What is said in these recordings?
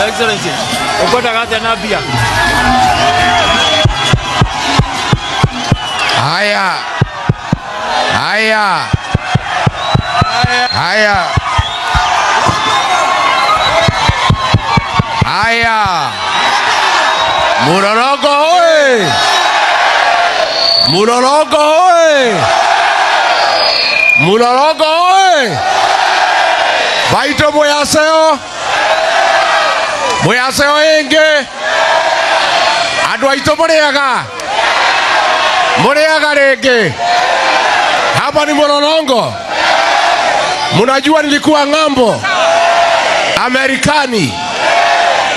Your Excellency, upata kazi anapia. Haya. Haya. Haya. Haya. Muroroko oye! Muroroko oye! Muroroko oye! Vaito moyaseo! mwĩyace o ĩngĩ andũ aitũ mũrĩaga mũrĩaga rĩngĩ hapa ni Mlolongo, munajua nilikuwa ng'ambo Amerikani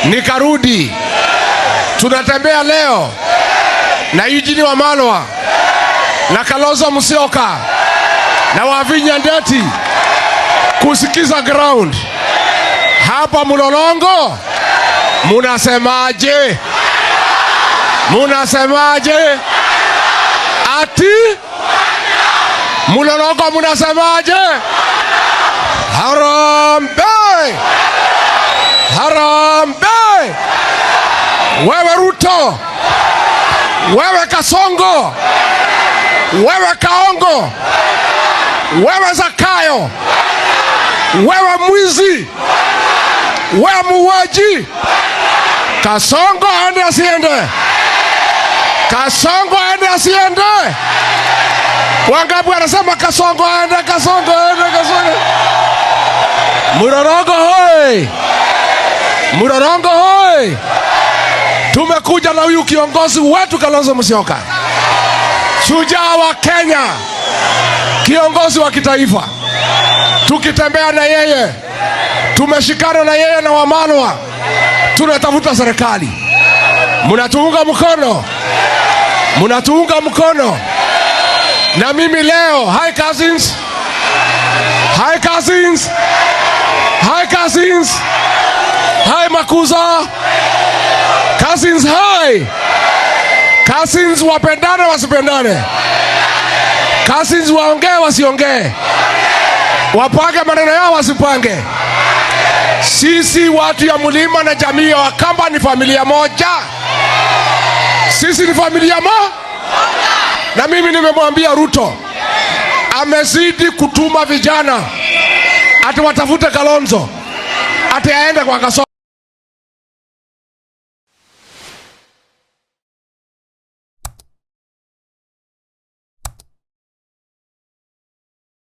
nikarudi, tunatembea leo na wa malwa na kaloza Musyoka na Wavinya Ndeti kusikiza ground hapa Mlolongo. Munasemaje? Munasemaje? Ati mulolongo munasemaje? Harambe, harambe! Wewe Ruto, wewe Kasongo, wewe Kaongo, wewe Zakayo, wewe mwizi, wewe muuaji Kasongo aende asiende? Kasongo aende asiende? Wangapi wanasema Kasongo aende? Kasongo aende? Kasongo murorongo hoi! Mlolongo hoi! Tumekuja na huyu kiongozi wetu Kalonzo Musyoka, shujaa wa Kenya, kiongozi wa kitaifa. Tukitembea na yeye, tumeshikana na yeye na Wamalwa tunatafuta serikali. Mnatuunga mkono, mnatuunga mkono na mimi leo. Hi cousins, hi cousins, hi cousins, hi makuza cousins, hi cousins, wapendane wasipendane, cousins waongee wasiongee, wapange maneno yao wasipange sisi watu ya mlima na jamii ya Wakamba ni familia moja. Sisi ni familia moja. Na mimi nimemwambia Ruto amezidi kutuma vijana ati watafute Kalonzo ati aende kwa Kasongo.